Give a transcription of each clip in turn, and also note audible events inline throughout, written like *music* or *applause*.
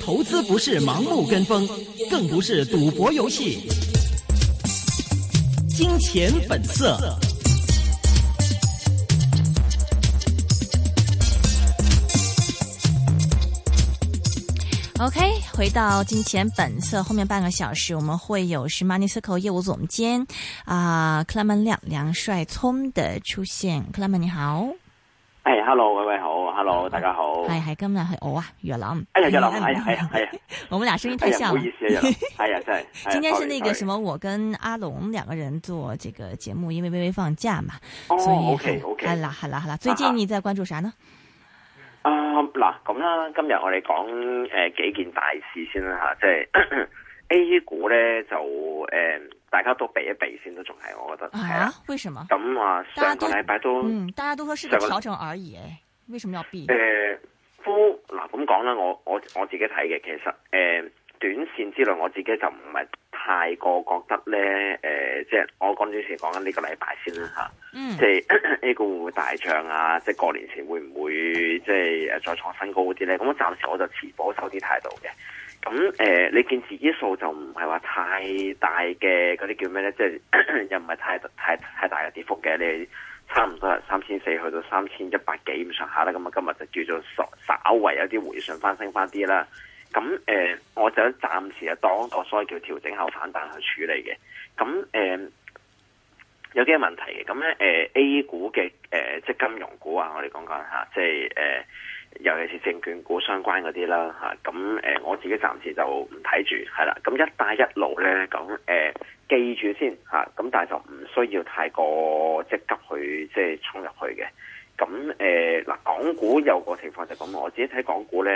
投資不是盲目跟風，更不是賭博遊戲。金錢本色。色 OK，回到金錢本色後面半個小時，我們會有是 Money Circle 業務總監啊、呃、克拉曼亮，梁帥聰的出現。克拉曼你好，誒、hey,，Hello，喂喂好。hello，, hello. 大家好，係係、哎、今日係我啊，月林、哎哎，哎呀月林，係係啊。我們倆聲音太像了，唔、哎、好意思啊，係啊真係。 *laughs* 今天是那個什麼，我跟阿龍兩個人做這個節目，因為微微放假嘛，哦、所以 o k 好，好、哦 okay, okay 哎、啦好啦好啦，啦。最近你在關注啥呢？啊嗱咁啦，今日我哋講誒幾件大事先啦吓，即、啊、係、就是、 *coughs* A 股咧就誒、呃、大家都避一避先都仲係，我覺得係啊。為什麼？咁話上個禮拜都、嗯，大家都說是個調整而已。為什麼要避？誒，呼嗱咁講啦，我我我自己睇嘅，其實誒、呃、短綫之內，我自己就唔係太過覺得咧。誒、呃，即係我講啲事講緊呢個禮拜先啦吓。嗯、即係 A 股會唔會大漲啊？即係過年前會唔會即係誒、啊、再創新高啲咧？咁我暫時我就持保守啲態度嘅。咁、嗯、誒、呃，你見指數就唔係話太大嘅，嗰啲叫咩咧？即係又唔係太太太大嘅跌幅嘅你。差唔多係三千四去到三千一百幾咁上下啦，咁、啊，今日就叫做稍稍為有啲回順翻，翻升翻啲啦。咁、呃、誒，我就暫時啊當我所謂叫調整後反彈去處理嘅。咁誒、呃，有啲嘅問題嘅。咁咧誒，A 股嘅誒、呃、即係金融股啊，我哋講講下，即係誒、呃，尤其是證券股相關嗰啲啦吓。咁誒、呃，我自己暫時就唔睇住係啦。咁一帶一路咧咁。誒。呃記住先嚇，咁、啊、但係就唔需要太過積極去即係衝入去嘅。咁誒嗱，港股有個情況就咁，我自己睇港股咧，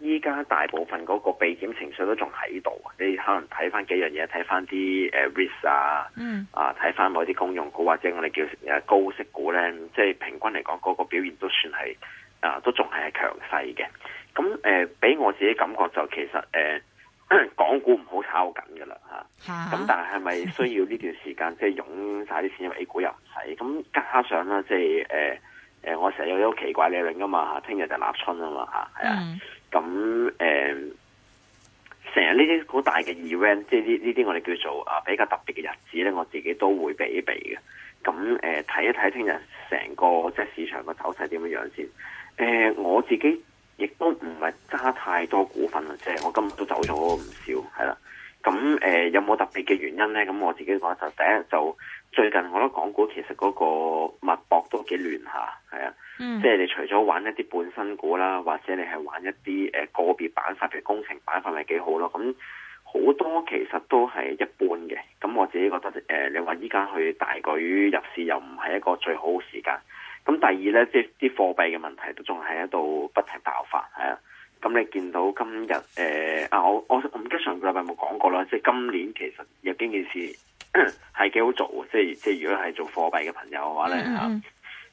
誒依家大部分嗰個避險情緒都仲喺度。你可能睇翻幾樣嘢，睇翻啲誒 risk 啊，嗯，啊睇翻某啲公用股或者我哋叫誒高息股咧，即係平均嚟講嗰個表現都算係啊，都仲係係強勢嘅。咁、啊、誒，俾我自己感覺就其實誒。啊港股唔好炒緊噶啦，吓咁、啊、但係係咪需要呢段時間 *laughs* 即係湧晒啲錢入 A 股又唔係咁，加上咧即係誒誒我成日有啲好奇怪嘅 event 噶嘛吓，聽日就立春啊嘛吓，係啊，咁誒成日呢啲好大嘅 event，即係呢呢啲我哋叫做啊比較特別嘅日子咧，我自己都會比一比嘅。咁誒睇一睇聽日成個即係市場嘅走勢點樣樣先。誒、呃、我自己。亦都唔係揸太多股份啦，即係我今日都走咗唔少，係啦。咁誒、呃，有冇特別嘅原因呢？咁我自己話就第一就最近，我覺得港股其實嗰個脈搏都幾亂下。係啊，即係你除咗玩一啲半新股啦，或者你係玩一啲誒個別板塊嘅工程板塊，咪幾好咯。咁好多其實都係一般嘅。咁我自己覺得，誒、嗯呃呃，你話依家去大舉入市，又唔係一個最好時間。咁第二咧，即係啲貨幣嘅問題都仲喺度不停爆發，係啊！咁、嗯、你見到今日誒啊，我我唔記得上個禮拜有冇講過啦，即係今年其實有經件事，係幾好做，即係即係如果係做貨幣嘅朋友嘅話咧嚇，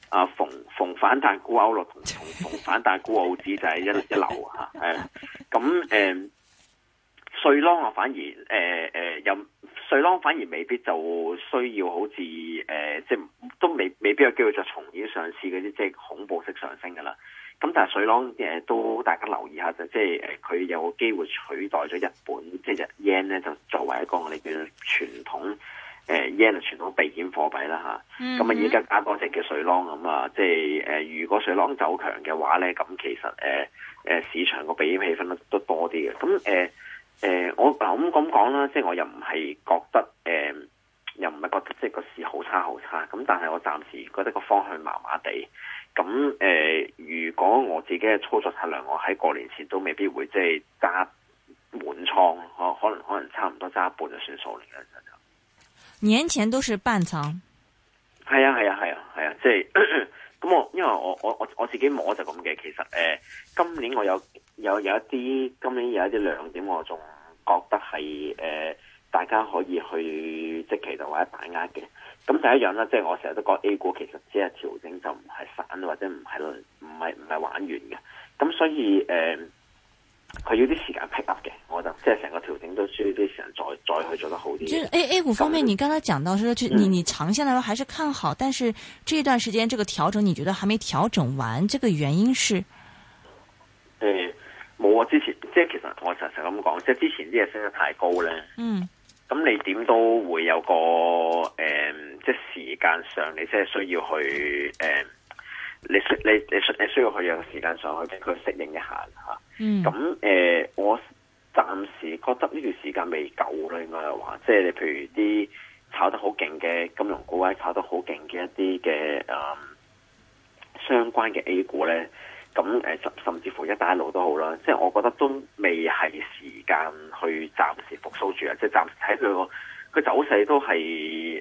啊逢逢反彈沽歐羅同逢反彈沽澳紙就係一一流嚇，係、啊、啦。咁誒，瑞郎我反而誒誒有。呃呃呃呃呃呃水浪反而未必就需要好似誒、呃，即係都未未必有機會再重演上次嗰啲即係恐怖式上升嘅啦。咁但係水浪誒、呃、都大家留意下就即係誒，佢、呃、有機會取代咗日本即係日 yen 咧，就作為一個我哋叫傳統誒 yen 傳統避險貨幣啦嚇。咁、呃、啊而家加多隻嘅水浪咁啊，即係誒、呃、如果水浪走強嘅話咧，咁其實誒誒、呃、市場個避險氣氛都多啲嘅。咁誒、呃。誒，uh, 我嗱咁咁講啦，即係我又唔係覺得，誒，又唔係覺得即係個市好差好差，咁但係我暫時覺得個方向麻麻地，咁誒，如果我自己嘅操作策略，我喺過年前都未必會即係揸滿倉，可可能可能差唔多揸一半就算數嚟嘅。年前都是半倉。係啊係啊係啊係啊，即 *noise* 係。 *noise* 咁我，因為我我我我自己摸就咁嘅，其實誒、呃，今年我有有有一啲，今年有一啲亮點，我仲覺得係誒、呃，大家可以去即係其實或者把握嘅。咁第一樣啦，即係我成日都講 A 股其實只係調整就唔係散或者唔係唔係唔係玩完嘅。咁所以誒、呃佢要啲時間 pick up 嘅，我就即係成個調整都需要啲時間再再去做得好啲。就 A A 股方面，嗯、你剛才講到，就你你長線嚟講還是看好，但是這段時間這個調整你覺得還沒調整完，這個原因是誒冇啊，之前即係其實我實實咁講，即係之前啲嘢升得太高咧。嗯，咁你點都會有個誒、呃，即係時間上你即係需要去誒、呃，你需你你你需要去有個時間上去俾佢適應一下吓。咁誒、嗯呃，我暫時覺得呢段時間未夠啦，應該係話，即係你譬如啲炒得好勁嘅金融股啊，或者炒得好勁嘅一啲嘅誒相關嘅 A 股咧，咁誒甚甚至乎一帶一路都好啦。即係我覺得都未係時間去暫時復蘇住啊，即係暫時睇佢個佢走勢都係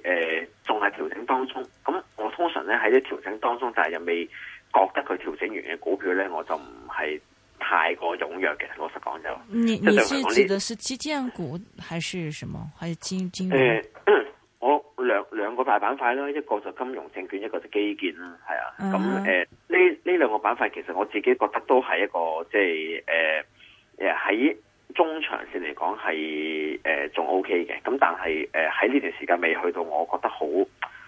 誒仲係調整當中。咁我通常咧喺啲調整當中，但係又未覺得佢調整完嘅股票咧，我就唔係。太過踴躍嘅，老實講就。你你是指嘅是基建股，還是什麼，還是金金誒、呃，我兩兩個大板塊啦，一個就金融證券，一個就基建啦，係啊。咁誒、嗯哼，呢呢、嗯呃、兩個板塊，其實我自己覺得都係一個即係誒誒喺中長線嚟講係誒仲 O K 嘅。咁、呃 OK、但係誒喺呢段時間未去到，我覺得好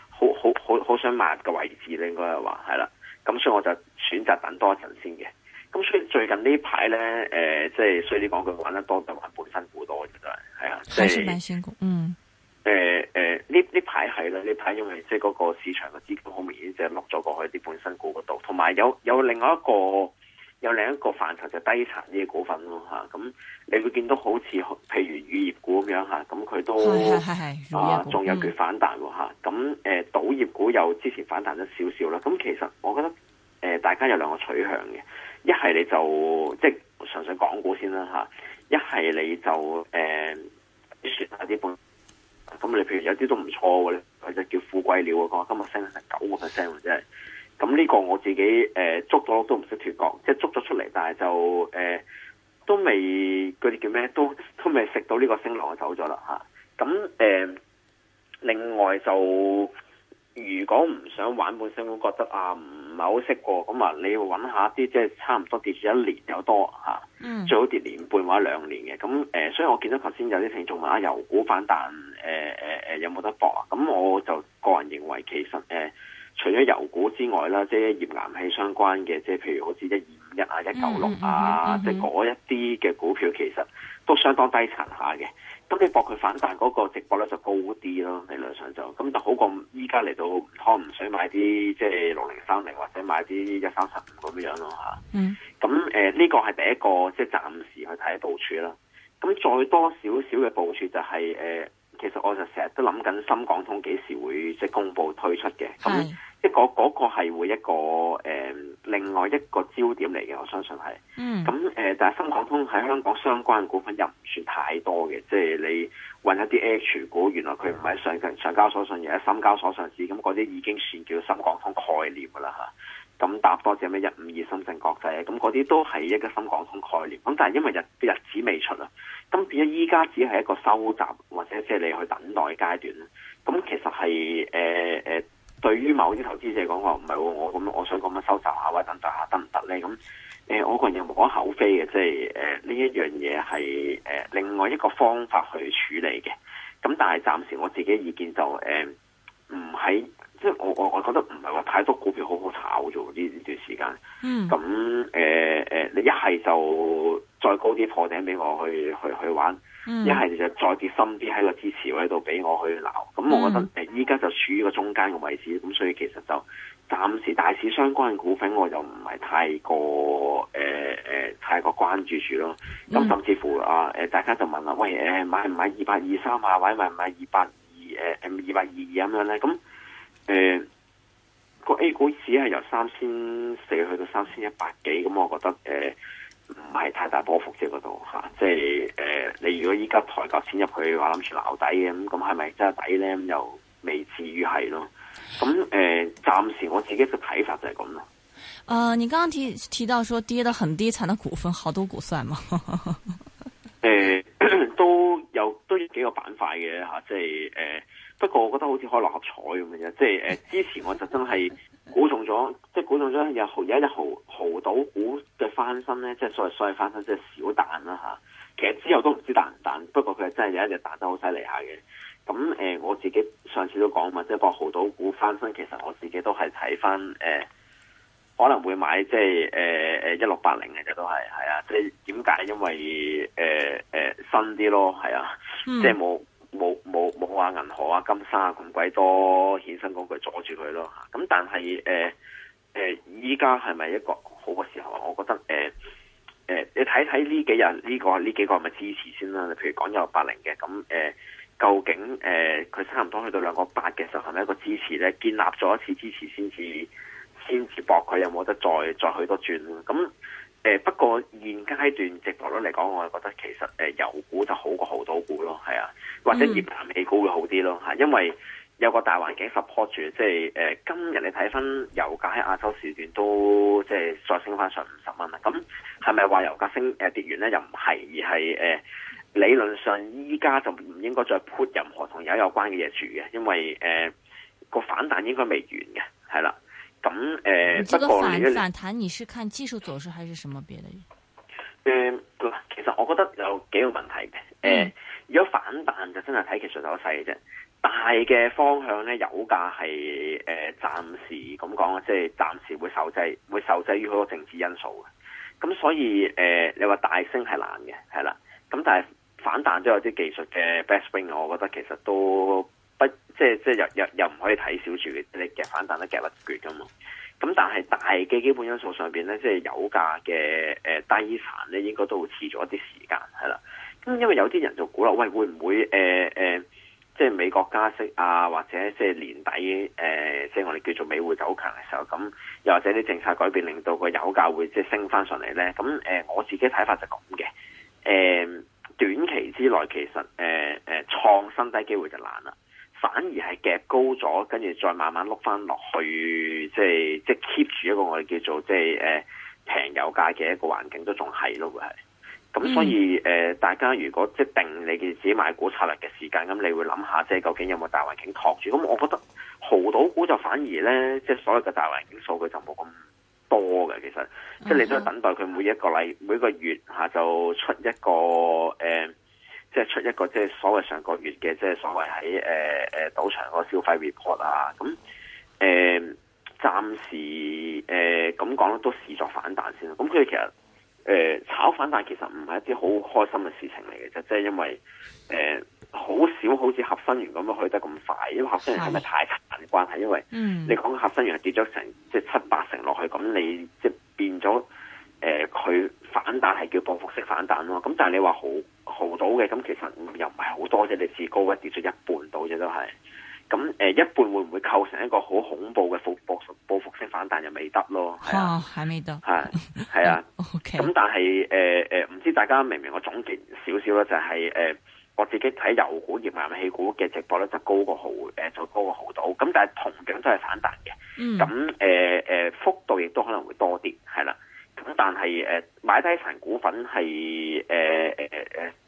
好好好好想買嘅位置咧，應該係話係啦。咁、啊啊嗯嗯、所以我就選擇等多一陣先嘅。咁所以最近呢排咧，誒、呃，即係所以你講佢玩得多就玩本身股多嘅啫，係啊，還是蠻辛苦，嗯，誒誒，呢呢排係啦，呢排因為即係嗰個市場嘅資金好明顯就碌咗過去啲本身股嗰度，同埋有有另外一個有另一個範疇就低殘啲嘅股份咯吓，咁、啊、你會見到好似譬如乳業股咁樣吓，咁佢都仲有佢反彈喎吓，咁誒，賭業股又之前反彈咗少少啦，咁、啊、其實我覺得誒、呃，大家有兩個取向嘅。一係你就即係純粹港股先啦吓，一係你就誒選下啲本。咁、呃、你譬如有啲都唔錯嘅咧，佢就叫富貴鳥啊，今日升成九個 percent 嘅，即係咁呢個我自己誒、呃、捉咗都唔識脱角，即係捉咗出嚟，但係就誒、呃、都未嗰啲叫咩，都都未食到呢個升浪就走咗啦吓，咁、啊、誒、呃、另外就。如果唔想玩本身會，覺得啊唔係好識過，咁、嗯、啊你要揾下啲即係差唔多跌住一年有多嚇，最好跌年半或者兩年嘅。咁誒、呃，所以我見到頭先有啲聽眾問啊，油股反彈誒誒誒有冇得搏？啊？咁我就個人認為，其實誒、呃、除咗油股之外啦，即係頁岩氣相關嘅，即係譬如好似一二五一啊、嗯、一九六啊，即係嗰一啲嘅股票，其實都相當低層下嘅。咁你博佢反彈嗰個直播率就高啲咯，理論上就，咁就好過依家嚟到唔湯唔水買啲即係六零三零或者買啲一三十五咁樣咯吓，嗯。咁誒呢個係第一個即係暫時去睇部署啦。咁再多少少嘅部署就係、是、誒、呃，其實我就成日都諗緊深港通幾時會即係公佈推出嘅。係。即係嗰嗰個係會一個誒、呃，另外一個焦點嚟嘅，我相信係。嗯。咁、呃、誒，但係深港通喺香港相關嘅股份又唔算太多嘅，即、就、係、是、你搵一啲 H 股，原來佢唔係喺上上交所上而喺深交所上市，咁嗰啲已經算叫深港通概念啦嚇。咁、啊、搭多隻咩一五二深圳國際咧，咁嗰啲都係一個深港通概念。咁但係因為日日子未出啦，咁變咗依家只係一個收集或者即係你去等待嘅階段啦。咁其實係誒誒。呃呃呃對於某啲投資者講話唔係喎，我咁，我想咁樣收集下或者等待下得唔得呢？咁、嗯、誒、呃，我個人又無可厚非嘅，即係誒呢一樣嘢係誒另外一個方法去處理嘅。咁但係暫時我自己嘅意見就誒唔喺。呃即係我我我覺得唔係話太多股票好好炒啫，呢呢段時間。咁誒誒，你一係就再高啲破頂俾我去去去玩，一係、嗯、你就再跌深啲喺個支持位度俾我去鬧。咁我覺得誒，依家就處於個中間嘅位置，咁、嗯、所以其實就暫時大市相關嘅股份，我就唔係太過誒誒、呃、太過關注住咯。咁甚至乎啊，誒、呃，大家就問啦、啊，喂，誒，買唔買二八二三啊？或者買唔買二八二誒誒二八二二咁樣咧？咁誒，個 A 股只係由三千四去到三千一百幾，咁我覺得誒唔係太大波幅啫，嗰度吓，即係誒，你如果依家抬夠錢入去嘅話，諗住撈底嘅，咁咁係咪真係抵咧？咁又未至於係咯。咁誒，暫時我自己嘅睇法就係咁咯。啊，你剛剛提提到說跌得很低，慘的股份好多股算嗎？誒， *laughs* *laughs* 都有都有幾個板塊嘅吓，即係誒。呃 *laughs* 不過我覺得好似開六合彩咁嘅啫，即係誒之前我就真係估中咗，即係估中咗日豪有一隻豪豪賭股嘅翻身咧，即係所謂所謂翻身即係小彈啦嚇。其實之後都唔知彈唔彈，不過佢係真係有一隻彈得好犀利下嘅。咁誒我自己上次都講嘛，即係個豪賭股翻身，其實我自己都係睇翻誒，可能會買即係誒誒一六八零嘅都係係啊，即係點解，因為誒誒新啲咯，係啊，即係冇。冇冇冇話銀河啊、金沙啊咁鬼多，衍生工具阻住佢咯。咁但係誒誒，依家係咪一個好嘅時候啊？我覺得誒誒、呃呃，你睇睇呢幾日呢、這個呢幾個係咪支持先啦？你譬如講有八零嘅咁誒，究竟誒佢、呃、差唔多去到兩個八嘅時候係咪一個支持咧？建立咗一次支持先至先至博佢有冇得再再去多轉咁誒、呃、不過現階段直落嚟講，我就覺得其實誒、呃、有股就好過好多股咯，係啊。或者熱淡氣股會好啲咯嚇，因為有個大環境 support 住，即係誒、呃、今日你睇翻油價喺亞洲時段都即係再升翻上五十蚊啦。咁係咪話油價升誒、呃、跌完咧？又唔係，而係誒、呃、理論上依家就唔應該再 put 任何同油有關嘅嘢住嘅，因為誒個、呃、反彈應該未完嘅，係啦。咁誒、呃、不過咧，反彈你是看技術走勢，還是什麼別的？誒、呃，其實我覺得有幾個問題嘅誒。呃嗯如果反彈就真係睇技術手勢嘅啫，大嘅方向咧，油價係誒、呃、暫時咁講即係暫時會受制，會受制於好多政治因素嘅。咁所以誒、呃，你話大升係難嘅，係啦。咁但係反彈都有啲技術嘅 best wing 我覺得其實都不即係即係又又又唔可以睇小住你嘅反彈都夾唔住橛噶嘛。咁但係大嘅基本因素上邊咧，即係油價嘅誒、呃、低殘咧，應該都會遲咗一啲時間，係啦。因為有啲人就估啦，喂，會唔會誒誒、呃呃，即係美國加息啊，或者即係年底誒、呃，即係我哋叫做美匯走強嘅時候，咁又或者啲政策改變，令到個油價會即係升翻上嚟咧？咁誒、呃，我自己睇法就咁嘅。誒、呃，短期之內其實誒誒，創、呃、新低機會就難啦，反而係夾高咗，跟住再慢慢碌翻落去，即係即係 keep 住一個我哋叫做即係誒平油價嘅一個環境都仲係咯，會係。咁所以，誒、嗯呃、大家如果即定你嘅自己買股策略嘅時間，咁你會諗下，即係究竟有冇大環境托住？咁我覺得豪賭股就反而咧，即係所有嘅大環境數據就冇咁多嘅，其實、嗯、哼即係你都係等待佢每一個禮每個月下、啊、就出一個誒、呃，即係出一個即係所謂上個月嘅即係所謂喺誒誒賭場個消費 report 啊咁誒、呃，暫時誒咁講都試作反彈先啦。咁佢其實。誒、呃，炒反彈其實唔係一啲好開心嘅事情嚟嘅啫，即係因為，誒、呃，好少好似合生元咁樣去得咁快，因為合生元係咪太殘嘅關係？因為，嗯，你講嘅合生元跌咗成即係七八成落去，咁你即係變咗，誒、呃，佢反彈係叫報復式反彈咯。咁但係你話好好到嘅，咁其實又唔係好多啫，你至高嘅跌咗一半到啫、就是，都係。咁誒一半會唔會構成一個好恐怖嘅報報報復性反彈又未得咯？哦、oh, 啊，還未到，係係 *laughs* 啊。OK。咁但係誒誒，唔知大家明唔明我總結少少咧？就係、是、誒、呃，我自己睇油股、鉛銀、氣股嘅直播咧，就高過好誒，再、呃、高過好到。咁但係同樣都係反彈嘅。嗯、mm.。咁誒誒，幅度亦都可能會多啲，係啦、啊。咁但係誒、呃，買低層股份係誒誒誒誒，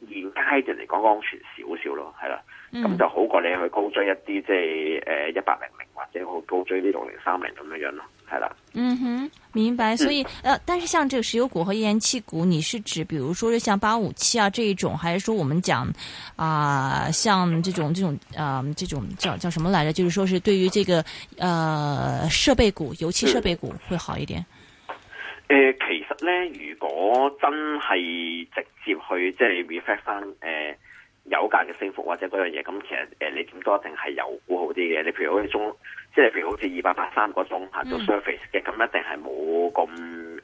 現階段嚟講安全少少咯，係啦，咁、嗯、就好過你去高追一啲，即係誒一百零零或者去高追啲六零三零咁樣樣咯，係啦。嗯哼，明白。所以，誒、呃，但是像這個石油股和頁岩氣股，你是指，比如說是像八五七啊這一種，還是說我們講啊、呃，像這種、這種，嗯、呃，這種叫叫什麼來着？就是說是對於這個，呃，設備股，油氣設備股會好一點。嗯誒、呃，其實咧，如果真係直接去即係 reflect 翻誒、呃、有價嘅升幅或者嗰樣嘢，咁其實誒、呃、你點都一定係油股好啲嘅。你譬如好似中，即係譬如好似二百八三嗰種吓做 surface 嘅，咁一定係冇咁誒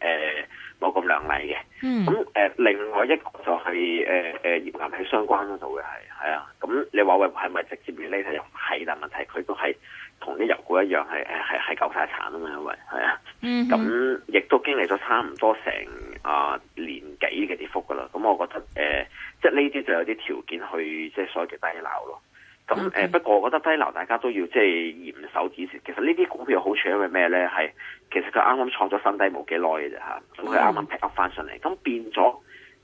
冇咁亮麗嘅。呃、嗯，咁誒、呃、另外一個就係誒誒葉銀喺相關度嘅係係啊。咁你話喂係咪直接 related？又唔係，但問題佢都係。同啲油股一樣，係係係夠曬殘啊嘛，因為係啊，咁亦、嗯、哼都經歷咗差唔多成啊、呃、年幾嘅跌幅㗎喇。咁我覺得誒、呃，即係呢啲就有啲條件去即係所謂嘅低撈咯。咁誒、嗯哼，不過、呃、我覺得低撈大家都要即係嚴守止蝕。其實呢啲股票好處係因為咩咧？係其實佢啱啱創咗新低冇幾耐嘅啫嚇，咁佢啱啱 pick up 翻上嚟，咁變咗誒、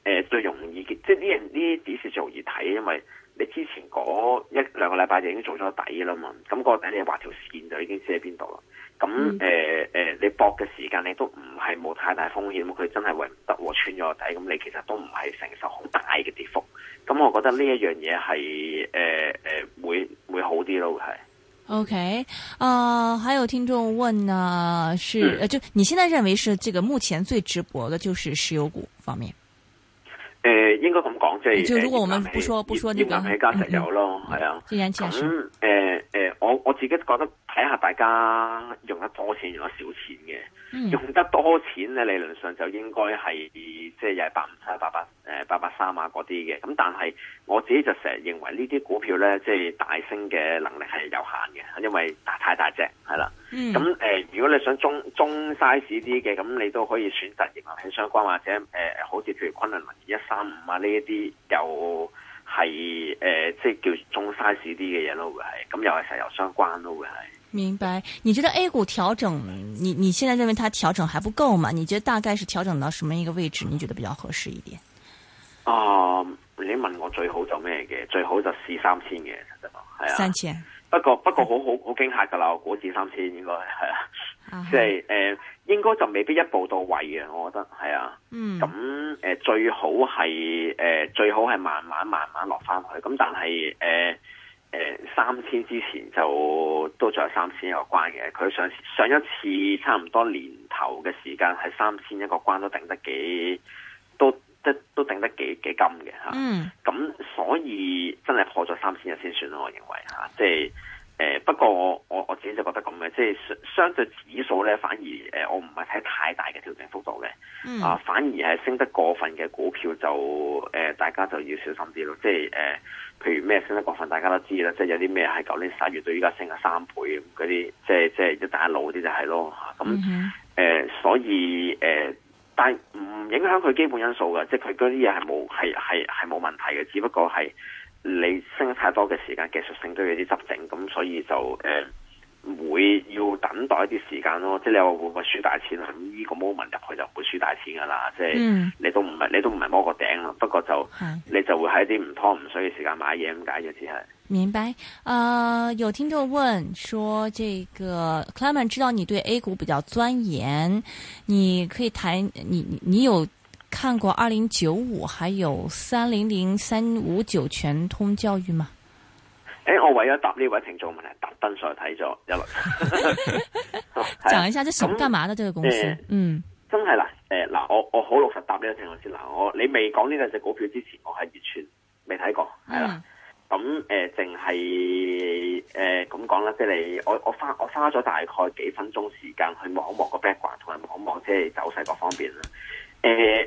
呃、最容易，即係呢啲呢啲止蝕就容易睇，因為。你之前嗰一兩個禮拜已經做咗底啦嘛，咁個底你畫條線就已經知喺邊度啦。咁誒誒，你搏嘅時間你都唔係冇太大風險，佢真係唔得穿咗底，咁你其實都唔係承受好大嘅跌幅。咁我覺得呢一樣嘢係誒誒，會會好啲咯，係。OK，啊、uh，還有聽眾問啊，是，嗯、就你現在認為是這個目前最值博嘅就是石油股方面。.誒、呃、應該咁講即係，就、嗯呃、如果我們不說，熱不說呢、這個，天然氣加石油咯，係啊。我自己覺得睇下大家用得多錢用得少錢嘅，嗯、用得多錢咧理論上就應該係即係又係八五七、八八誒八八三啊嗰啲嘅。咁但係我自己就成日認為呢啲股票咧，即、就、係、是、大升嘅能力係有限嘅，因為大太大隻係啦。咁誒、嗯呃，如果你想中中 size 啲嘅，咁你都可以選擇石油氣相關或者誒、呃，好似譬如昆侖能源一三五啊呢一啲有。係誒、呃，即係叫中 size 啲嘅嘢咯，會係咁又係石油相關咯，會係。明白？你覺得 A 股調整，嗯、你你現在認為它調整還不夠嘛？你覺得大概是調整到什麼一個位置？嗯、你覺得比較合適一點？啊、呃，你問我最好就咩嘅？最好就試三千嘅，係啊，三千 3, 000?。不過不過好好好，好，好，好驚嚇噶啦，我估至三千應該係啊。即係誒，uh huh. 應該就未必一步到位嘅，我覺得係啊。咁誒、呃，最好係誒、呃，最好係慢慢慢慢落翻去。咁但係誒誒，三千之前就都仲有三千一個關嘅。佢上上一次差唔多年頭嘅時間，係三千一個關都頂得幾都，即都頂得幾幾金嘅吓。咁、啊 uh huh. 所以真係破咗三千日先算啦，我認為吓，即、啊、係。Uh huh. 誒、呃，不過我我我自己就覺得咁嘅，即係相相對指數咧，反而誒、呃，我唔係睇太大嘅調整幅度嘅，啊、呃，反而係升得過分嘅股票就誒、呃，大家就要小心啲咯，即係誒、呃，譬如咩升得過分，大家都知啦，即係有啲咩喺舊年十月到依家升咗三倍嗰啲，即係即係一帶一路啲就係咯，咁誒、mm hmm. 呃，所以誒、呃，但唔影響佢基本因素噶，即係佢嗰啲嘢係冇，係係係冇問題嘅，只不過係。你升得太多嘅時間，技術性都有啲執正，咁所以就誒、呃、會要等待一啲時間咯。即係你話會唔會輸大錢啊？呢個 moment 入去就唔會輸大錢噶啦，嗯、即係你都唔係你都唔係摸個頂啦。不過就、啊、你就會喺啲唔拖唔衰嘅時間買嘢咁解嘅啫。只明白。啊、呃，有聽眾問說，這個 Clement 知道你對 A 股比較鑽研，你可以談你你，你有。看過二零九五，還有三零零三五九全通教育嗎？誒，我為咗答呢位聽眾問題，特登上去睇咗一輪。講一下，這做幹嗎呢？這個公司， *laughs* 嗯，真係啦。誒，嗱，我我好老實答呢位聽眾先。嗱，我你未講呢兩隻股票之前，我係完全未睇過，係啦。咁誒，淨係誒咁講啦，即係你我我花我花咗大概幾分鐘時間去望一望個 background，同埋望一望即係走勢各方面啦。誒、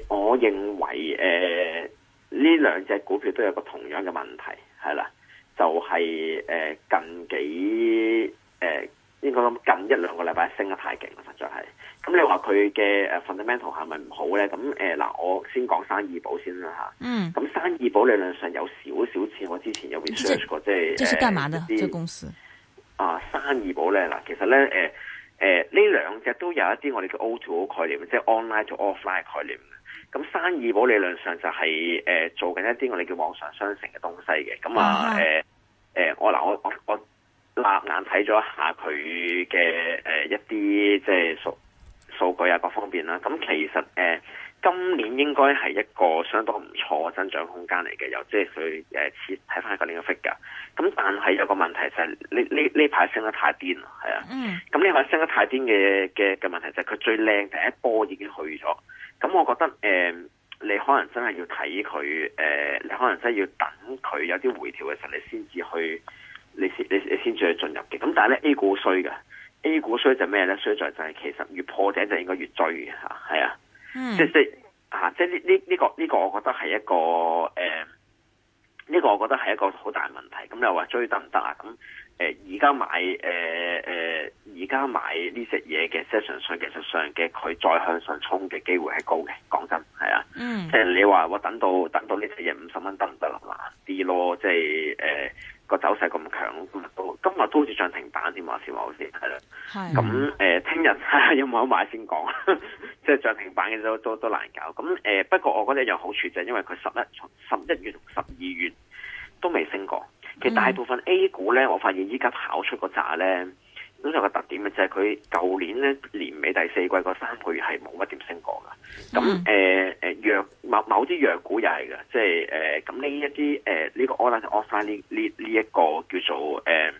呃，我認為誒呢、呃、兩隻股票都有個同樣嘅問題，係啦，就係、是、誒、呃、近幾誒、呃、應該近一兩個禮拜升得太勁啦，實在係。咁你話佢嘅誒 fundamental 係咪唔好咧？咁誒嗱，我先講生意寶先啦吓。嗯。咁生意寶理論上有少少似我之前有 research 過，即係、嗯。這是幹嘛的？這公司。啊，生意寶咧嗱，其實咧誒。呃誒，呢兩隻都有一啲我哋叫 O2O 概念，即係 online to offline 概念。咁生意寶理論上就係、是、誒、呃、做緊一啲我哋叫網上商城嘅東西嘅。咁啊，誒誒、啊呃，我嗱我我我立眼睇咗一下佢嘅誒一啲即係數數據啊各方面啦。咁其實誒。呃今年應該係一個相當唔錯嘅增長空間嚟嘅，又即係佢誒睇翻個年嘅 figure。咁但係有個問題就係呢呢呢排升得太癲啦，係啊。咁呢排升得太癲嘅嘅嘅問題就係佢最靚第一波已經去咗。咁我覺得誒、呃，你可能真係要睇佢誒，你可能真係要等佢有啲回調嘅時候，你先至去，你先你先至去進入嘅。咁但係咧，A 股衰嘅，A 股衰就咩咧？衰在就係其實越破頂就應該越追嚇，係啊。即係，即係吓，即係呢呢呢個呢個，我覺得係一個誒，呢個我覺得係一個好大問題。咁你又話追得唔得啊？咁。誒，而家買誒誒，而、呃、家、呃、買呢隻嘢嘅 session 上，技術上嘅佢再向上衝嘅機會係高嘅，講真係啊，即係你話我等到等到呢隻嘢五十蚊得唔得啦？難啲咯，即係誒個走勢咁強，今日今日都好似漲停板添嘛，話先話好先，係啦、啊，咁誒聽日睇下有冇得買先講，即係漲停板嘅都都都難搞。咁誒、呃，不過我覺得一樣好處就係因為佢十一十一月同十二月都未升過。其實大部分 A 股咧，我發現依家跑出嗰紮咧，都有個特點嘅，就係佢舊年咧，年尾第四季嗰三個月係冇乜點升過噶。咁誒誒，弱某某啲藥股又係嘅，即係誒咁呢一啲誒呢個 online offline 呢呢呢一個叫做誒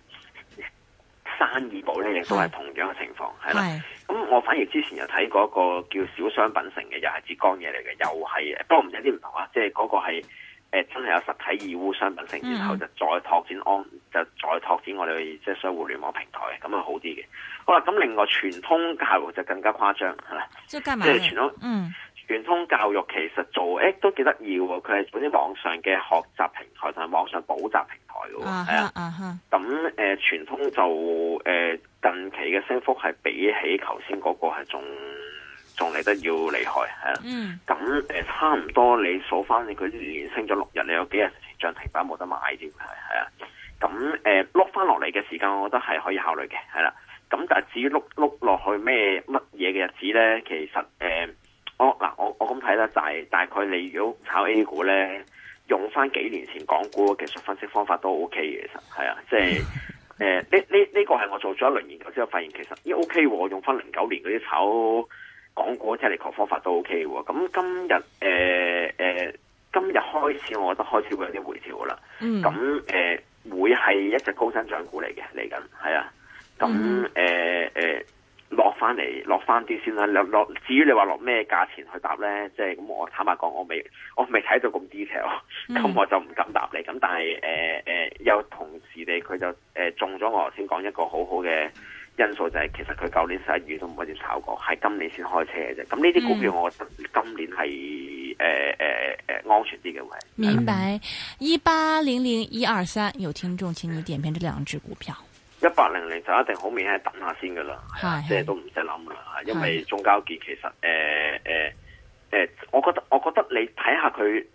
生意寶咧，亦都係同樣嘅情況係啦。咁我反而之前又睇過一個叫小商品城嘅，又係浙江嘢嚟嘅，又係，不過有啲唔同啊，即係嗰個係。誒，嗯、真係有實體義烏商品性，然後就再拓展安，就再拓展我哋即係商互聯網平台嘅，咁啊好啲嘅。好啦，咁另外傳通教育就更加誇張吓，即係傳通，統嗯，傳通教育其實做誒、欸、都幾得意嘅，佢係嗰啲網上嘅學習平台，同埋網上補習平台嘅，係啊，咁、啊、誒，傳通、呃、就誒、呃、近期嘅升幅係比起頭先嗰個係仲。仲嚟得要厲害係啦，咁誒、嗯、差唔多你數翻佢連升咗六日，你有幾日漲停板冇得買添係係啊，咁誒碌翻落嚟嘅時間，我覺得係可以考慮嘅係啦。咁但係至於碌碌落去咩乜嘢嘅日子咧，其實誒、呃、我嗱、呃、我我咁睇咧，大大概你如果炒 A 股咧，用翻幾年前港股嘅技術分析方法都 OK 嘅，其實係啊，即係誒呢呢呢個係我做咗一輪研究之後發現，其實咦、欸、OK 喎，用翻零九年嗰啲炒。港股 technical 方法都 OK 喎，咁今日誒誒、呃呃，今日開始我覺得開始會有啲回調啦。咁誒、嗯呃、會係一隻高增長股嚟嘅，嚟緊係啊。咁誒誒落翻嚟，落翻啲先啦。落落，落，至於你話落咩價錢去答咧，即係咁。我坦白講，我未我未睇到咁 detail，咁我就唔敢答你。咁但係誒誒，有同事哋佢就誒、呃、中咗我頭先講一個好好嘅。因素就係其實佢舊年十一月都唔可以炒過，係今年先開車嘅啫。咁呢啲股票我覺得今年係誒誒誒安全啲嘅喂，明白，一八零零一二三，00, 3, 有聽眾請你點評呢兩隻股票。一八零零就一定好明顯係等下先噶啦，即係是、呃、都唔使諗啦，因為中交建其實誒誒誒，我覺得我覺得你睇下佢。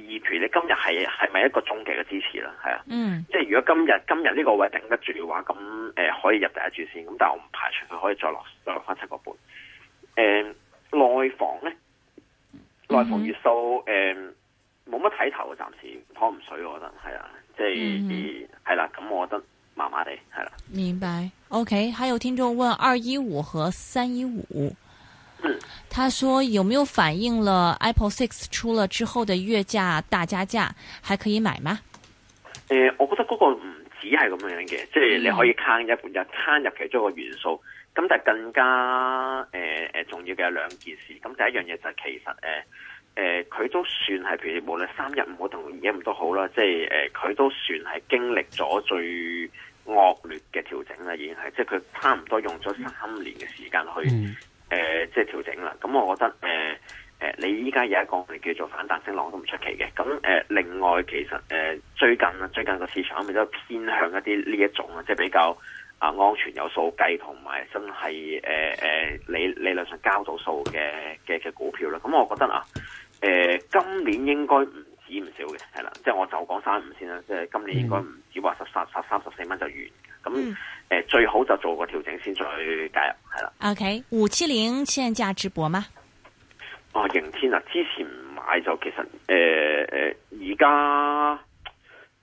二住，你今日係係咪一個終極嘅支持啦，係啊，嗯、即係如果今日今日呢個位頂得住嘅話，咁誒、呃、可以入第一注先，咁但係我唔排除佢可以再落再落翻七個半。誒、呃，內房咧，內房月數誒冇乜睇頭嘅，暫時拖唔水，我覺得係啊，即係係啦，咁、嗯哼嗯啊、我覺得麻麻地係啦。啊、明白。OK，還有聽眾問二一五和三一五。嗯，他說有沒有反映了 Apple Six 出了之後的月價大加價，還可以買嗎？誒、嗯呃，我覺得嗰個唔止係咁樣嘅，即係你可以摻一,一，一餐入其中一個元素。咁但係更加誒誒、呃、重要嘅有兩件事。咁第一樣嘢就是、其實誒誒，佢、呃、都算係，譬如無論三日唔好同二日唔都好啦。即係誒，佢、呃、都算係經歷咗最惡劣嘅調整啦，已經係，即係佢差唔多用咗三年嘅時間去。嗯嗯誒、呃，即係調整啦，咁、嗯、我覺得誒誒、呃呃，你依家有一個叫做反彈升浪都唔出奇嘅，咁、嗯、誒，另外其實誒、呃，最近啊，最近個市場係咪都偏向一啲呢一種啊？即係比較啊、呃、安全有數計同埋真係誒誒理理論上交到數嘅嘅嘅股票啦，咁、嗯、我覺得啊，誒、呃、今年應該唔止唔少嘅，係啦，即係我就講三五線啦，即係今年應該唔止話十、十、十、三十四蚊就完。嗯咁誒、嗯，最好就做個調整先再去介入，係啦。OK，五七零現價值博嗎？哦，盈天啊，之前唔買就其實誒誒，而家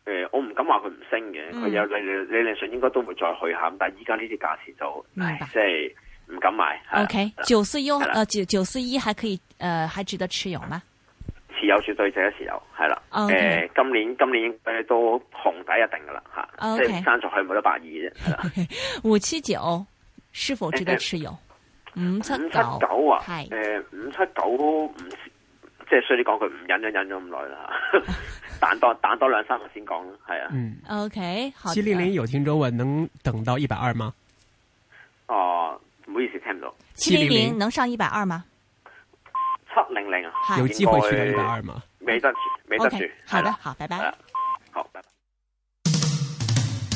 誒，我唔敢話佢唔升嘅，佢、嗯、有理理理論上應該都會再去下，但係依家呢啲價錢就係即係唔敢買。OK，九四一啊，九九四一還可以，誒、呃，還值得持有嗎？有說對者一時有，係啦。誒，今年今年都紅底一定噶啦，吓，即係生上去冇得百二啫。五七九是否值得持有？五七九啊，誒，五七九唔，即係所以你講佢唔忍忍忍咗咁耐啦，彈多彈多兩三個先講啦，係啊。OK 好。七零零有聽眾問，能等到一百二嗎？哦，唔好意思，聽唔到。七零零能上一百二嗎？七零零啊，是是有機會去到一百二嗎？沒得去。未得住。好 Okay, 的，的好，拜拜。